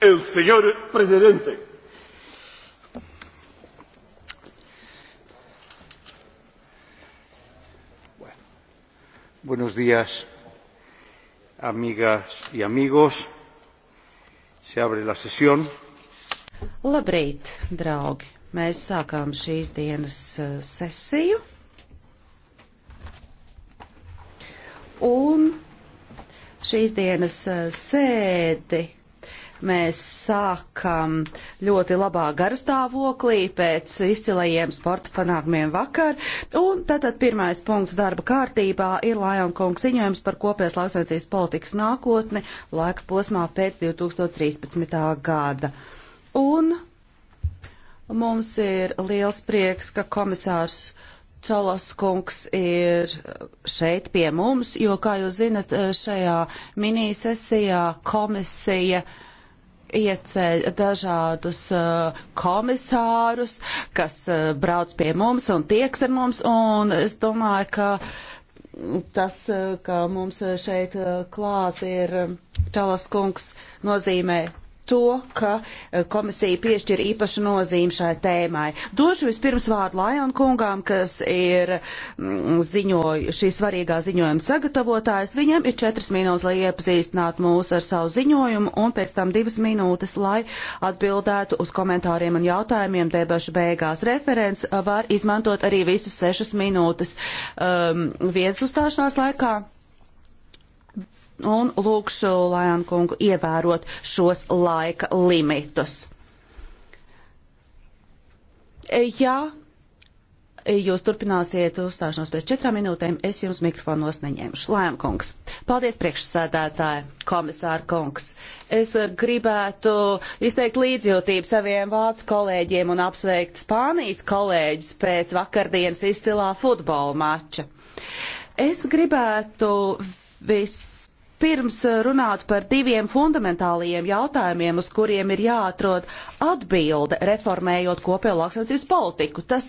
El señor presidente. Bueno, buenos días, amigas y amigos. Se abre la sesión. Labrīt, draugi! Mēs sākām šīs dienas eh, sesiju. Un šīs dienas eh, sēdi Mēs sākam ļoti labā garstāvoklī pēc izcilajiem sporta panākumiem vakar. Un tātad pirmais punkts darba kārtībā ir Lajon kungs ziņojums par kopējas lauksaimniecības politikas nākotni laika posmā pēc 2013. gada. Un mums ir liels prieks, ka komisārs. Colas kungs ir šeit pie mums, jo, kā jūs zinat, šajā minisesijā komisija uh, ieceļ dažādus uh, komisārus, kas uh, brauc pie mums un tieks ar mums, un es domāju, ka tas, uh, ka mums šeit uh, klāt ir um, Čalas kungs, nozīmē to, ka eh, komisija piešķir īpašu nozīmi šai tēmai. Došu vispirms vārdu Lajon kungām, kas ir mm, ziņoju, šī svarīgā ziņojuma sagatavotājs. Viņam ir četras minūtes, lai iepazīstinātu mūs ar savu ziņojumu, un pēc tam divas minūtes, lai atbildētu uz komentāriem un jautājumiem debašu beigās. Referents eh, var izmantot arī visas sešas minūtes um, viens uzstāšanās laikā un lūkšu Lajankungu ievērot šos laika limitus. Ja jūs turpināsiet uzstāšanos pēc četrām minūtēm, es jums mikrofonos neņemšu. Lēn kungs. Paldies priekšsēdētāji, komisāra kungs. Es gribētu izteikt līdzjūtību saviem vācu kolēģiem un apsveikt Spānijas kolēģus pēc vakardienas izcilā futbola mača. Es gribētu viss Pirms eh, runāt par diviem fundamentālajiem jautājumiem, uz kuriem ir jāatrod atbilde reformējot kopējo lauksaimniecības politiku. Tas